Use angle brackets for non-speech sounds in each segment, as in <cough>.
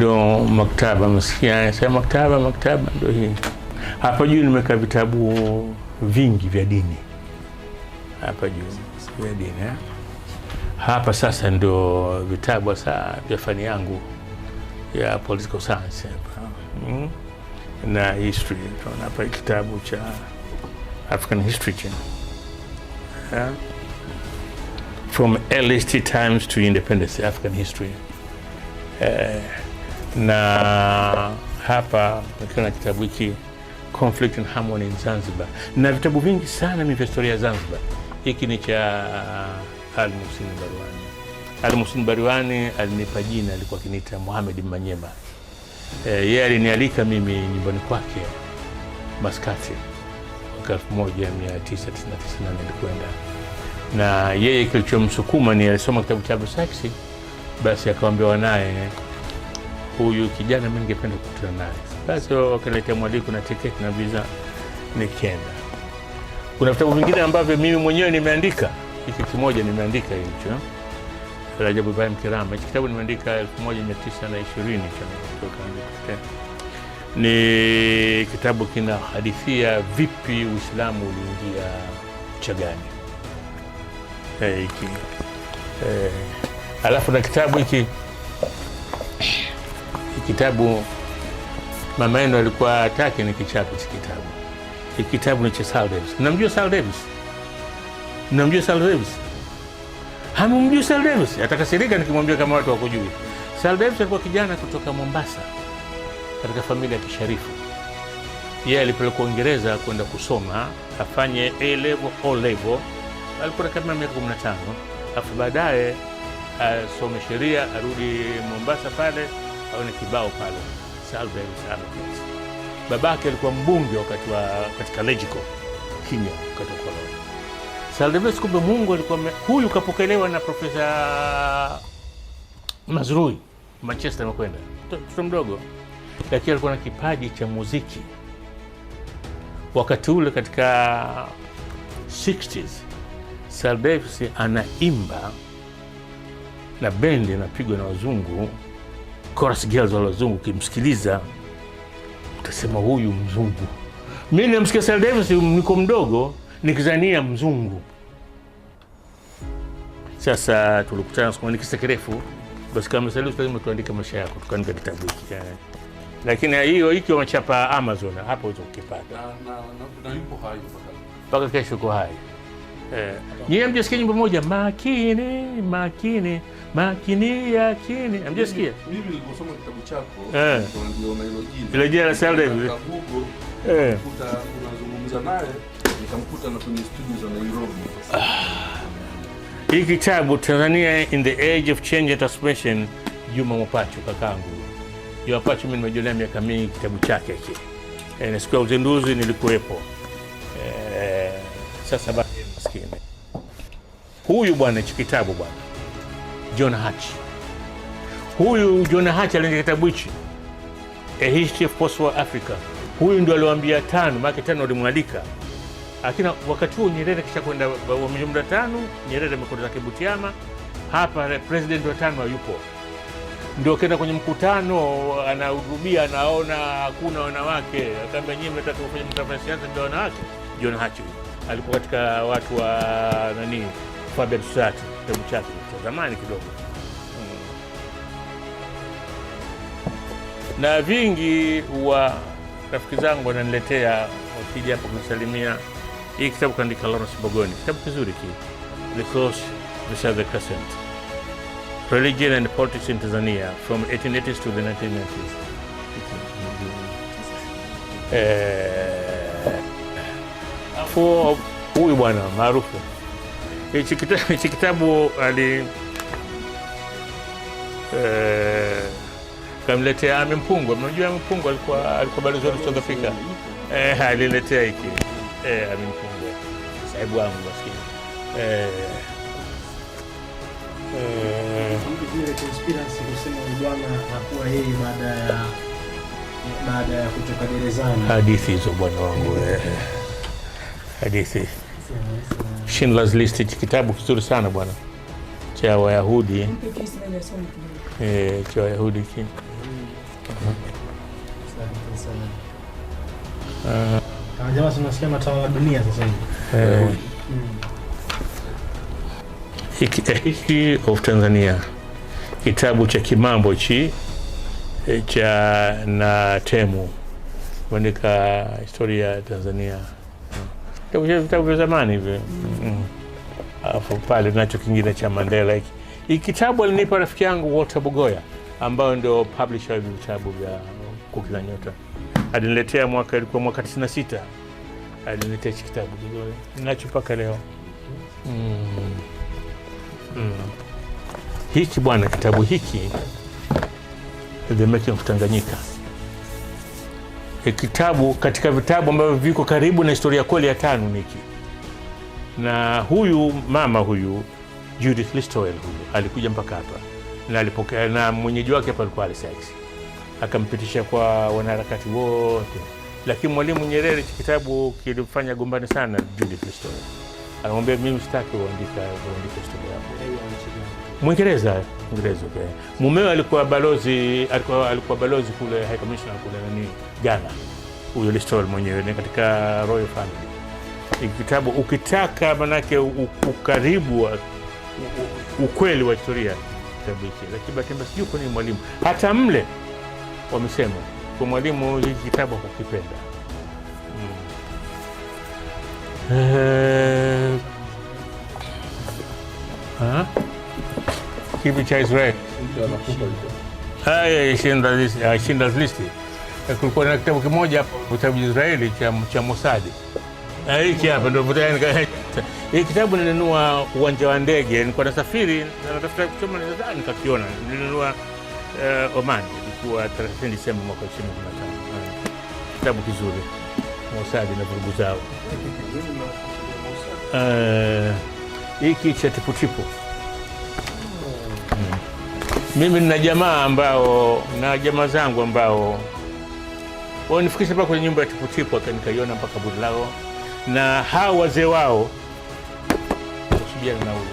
ndio maktaba. masikia anasema maktaba, maktaba ndio hii hapa juu. Nimeweka vitabu vingi vya dini hapa juu vya dini eh? Hapa sasa ndio vitabu hasa vya fani yangu ya political science hapa hmm? na history. Tunaona hapa kitabu cha African history chena eh? from earliest times to independence African history eh, na hapa nikiwa na kitabu hiki Conflict and Harmony in Zanzibar, na vitabu vingi sana mimi vya historia ya Zanzibar. Hiki ni cha uh, Ali Muhsin Barwani. Ali Muhsin Barwani alinipa jina, alikuwa akiniita Muhamed Manyema. E, eh, yeye alinialika mimi nyumbani kwake Maskati mwaka 1998 nilikwenda na yeye, kilichomsukuma ni alisoma kitabu cha Abu Saksi, basi akaambiwa naye huyu kijana mimi ningependa kukutana naye. Basi wakaletea mwaliko na tiketi na visa, nikenda. Kuna vitabu vingine ambavyo mimi mwenyewe nimeandika. Hiki kimoja nimeandika hicho eh? rajabu Ibrahim Kirama. hichi kitabu nimeandika 1920 ni kitabu kinahadithia vipi Uislamu uliingia Chagani. hey, eh, hey. Eh, alafu na kitabu hiki kitabu mama yenu alikuwa atake ni kichapo cha kitabu. Hiki kitabu ni cha Sal Davis. Mnamjua Sal Davis? Mnamjua Sal Davis? Hamumjui Sal Davis? Atakasirika nikimwambia kama watu wakujui. Sal Davis alikuwa kijana kutoka Mombasa katika familia ya kisharifu. Yeye alipelekwa Uingereza kwenda kusoma afanye A level, O level. Alikuwa kama miaka 15. Alafu baadaye asome sheria, arudi Mombasa pale aone kibao pale salve salve. Babake alikuwa mbunge wakati wa katika Legico Kenya, wakati wa koloni. Salveus kumbe Mungu alikuwa huyu, kapokelewa na Profesa Mazrui Manchester, amekwenda mtoto mdogo, lakini alikuwa na kipaji cha muziki. Wakati ule katika 60s Salveus anaimba na bendi inapigwa na wazungu chorus girls wale wazungu, ukimsikiliza utasema huyu mzungu. Mimi namsikia Sally Davis niko mdogo nikizania mzungu. Sasa tulikutana siku kisa kirefu, basi kama Davis lazima tuandike maisha yako, tukaandika kitabu hiki Lakini hiyo hiki wamechapa Amazon, hapo uweza kukipata. Ah, na na yupo mpaka kesho, uko hai. Eh. Nyie hamjasikia nyimbo moja makini makini makini yakini, hamjasikia? Mimi niliposoma kitabu chako Eh. Eh. Kuta na studio za Nairobi. Ah. hii kitabu Tanzania in the Age of Change and Transformation, Juma Mwapachu kakangu. Juma Mwapachu mimi nimejionea miaka mingi kitabu chake hiki, eh, na siku ya uzinduzi nilikuwepo. E, sasa basi 1964. Huyu bwana hichi kitabu bwana John Hatch, huyu John Hatch aliandika kitabu hichi A History of Post-War Africa. Huyu ndio aliwaambia tano, maake tano walimwalika lakini wakati huo Nyerere kisha kwenda muda tano, Nyerere amekwenda zake Butiama. Hapa president wa tano hayupo, ndio kenda kwenye mkutano, anahutubia, anaona hakuna wanawake, akaambia nyie mnataka kufanya mtafanya siasa bila wanawake. John Hatch alikuwa katika watu wa nani, Fabian Schulte, kitabu chake cha zamani kidogo hmm. na vingi wa rafiki zangu wananiletea wakija hapa kunisalimia. Hii kitabu kaandika Lawrence Bogoni, kitabu kizuri ki The Cross Vs The Crescent, Religion and Politics in Tanzania from 1880s to the 1990s. Alafu huyu bwana maarufu hichi kitabu ali e, kamletea Ami Mpungu. Mnajua Ami Mpungu alikuwa alikuwa balozi wa South Africa eh, aliletea hiki eh, Ami Mpungu sahibu wangu basi eh, eh. baada ya baada ya kutoka gerezani. Hadithi hizo bwana wangu eh hadithi Schindler's List. Kitabu kizuri sana bwana cha Wayahudi eh, cha Wayahudi ki eh. History eh, of Tanzania kitabu cha kimambo chi eh, cha na temu kuandika historia ya Tanzania vitabu vya zamani hivyo. Mm. Alafu pale nacho kingine cha Mandela hiki. Hii kitabu alinipa rafiki yangu Walter bugoya ambayo ndio publisher hivi vitabu vya kuki za Nyota. Aliniletea mwaka ilikuwa mwaka 96. Aliniletea hichi kitabu Bogoya. nacho mpaka leo. Mm. Mm. Hiki bwana, kitabu hiki The Making of Tanganyika e, kitabu katika vitabu ambavyo viko karibu na historia kweli ya tano niki na huyu mama huyu Judith Listowel huyu alikuja mpaka hapa na alipokea, na mwenyeji wake hapa alikuwa Ally akampitisha kwa wanaharakati wote, lakini Mwalimu Nyerere kitabu kilifanya gombani sana Judith Listowel anamwambia mimi sitaki uandika historia yako. Mwingereza, Mwingereza. Okay. Mumewe alikuwa balozi, alikuwa, alikuwa balozi kule High Commissioner kule nani Ghana, huyo Listowel mwenyewe ni katika Royal Family. Kitabu ukitaka manake ukaribu wa ukweli wa historia kitabu hiki, lakini bahati mbaya sijui kwa nini mwalimu hata mle wamesema kwa mwalimu hiki kitabu hakukipenda. Eh, kipi cha Israeli Schindler's List. Kulikuwa na kitabu kimoja vitabu vya Israeli cha Mosadi. Eh, hiki hapa ndio <laughs> hii kitabu nilinunua uwanja wa ndege, nilikuwa nasafiri na natafuta kusoma, nikakiona. Nilinunua eh, Oman, ilikuwa 30 Desemba mwaka 2015. Kitabu kizuri, Mosadi na vurugu zao, <laughs> eh, hiki cha Tiputipu mimi nina jamaa ambao na jamaa zangu ambao wanifikisha mpaka kwenye nyumba ya Chipuchipu, akanikaiona mpaka buri lao, na hawa wazee wao kusubiana na huyu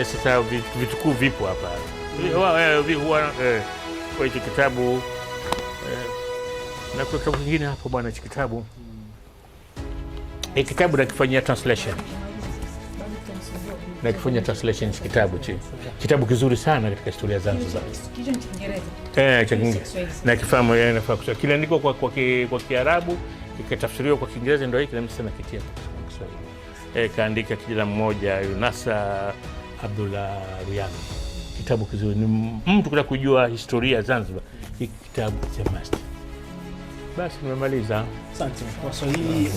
e. Sasa vitukuu vipo hapa mm. eh, eh, kwa kitabu na kitabu kingine hapo bwana, hicho kitabu mm. hii kitabu nakifanyia translation na kifanya translation kitabu chi kitabu kizuri sana katika historia za Zanzibar eh, cha Kiingereza na kifahamu yeye anafaa kusoma, kiliandikwa kwa kwa, kwa Kiarabu kikatafsiriwa kwa Kiingereza, ndio hiki mimi sana kitia kwa Kiswahili eh, kaandika kijana mmoja Yunasa Abdullah Ruyano. Kitabu kizuri, ni mtu kutaka kujua historia ya Zanzibar, hiki kitabu cha must. Basi nimemaliza, asante. Kwa Kiswahili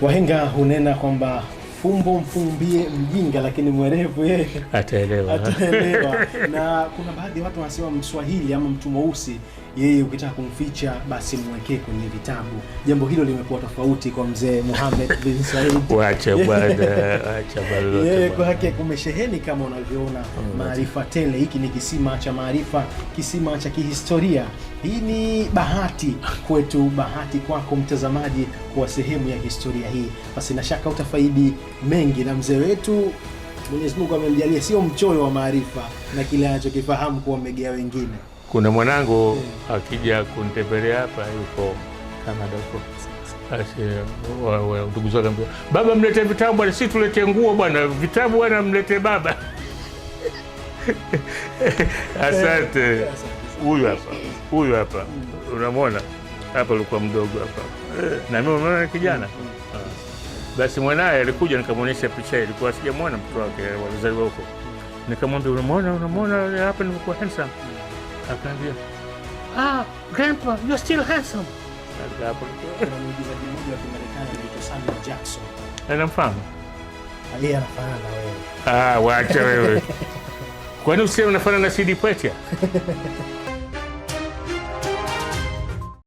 wahenga hunena kwamba Mfumbo mfumbie mjinga, lakini mwerevu yeye ataelewa, ataelewa. <laughs> na kuna baadhi ya watu wanasema Mswahili ama mtu mweusi yeye ukitaka kumficha basi mwekee kwenye vitabu. Jambo hilo limekuwa tofauti kwa mzee Mohamed bin <laughs> Said. Wacha bwana, wacha bwana. Yeye kwa kumesheheni kama unavyoona maarifa tele. Hiki ni kisima cha maarifa, kisima cha kihistoria. Hii ni bahati kwetu, bahati kwako mtazamaji, kuwa sehemu ya historia hii. Basi na shaka utafaidi mengi na mzee wetu Mwenyezi Mungu amemjalia sio mchoyo wa maarifa na kile anachokifahamu kuwa megea wengine kuna mwanangu akija kunitembelea hapa, yuko Kanada huko ndugu zake ambia, baba, mlete vitabu bwana, si tulete nguo bwana, vitabu bwana, mlete baba. <laughs> Asante. Huyu hapa, huyu hapa, unamwona hapa, alikuwa mdogo hapa na mimi, unaona kijana. Basi mwanaye alikuja, nikamwonyesha picha, ilikuwa sijamwona mtoto wake, walizaliwa huko, nikamwambia, unamwona, unamwona hapa, nilikuwa handsome en plein dire Ah, Grandpa, you're still handsome. Kuna mwigizaji mmoja wa Kimarekani anaitwa Samuel Jackson. Anamfahamu? Aliye anafanana na wewe. Ah, wacha wewe. Kwani usiye unafanana na Sidi Pwetya?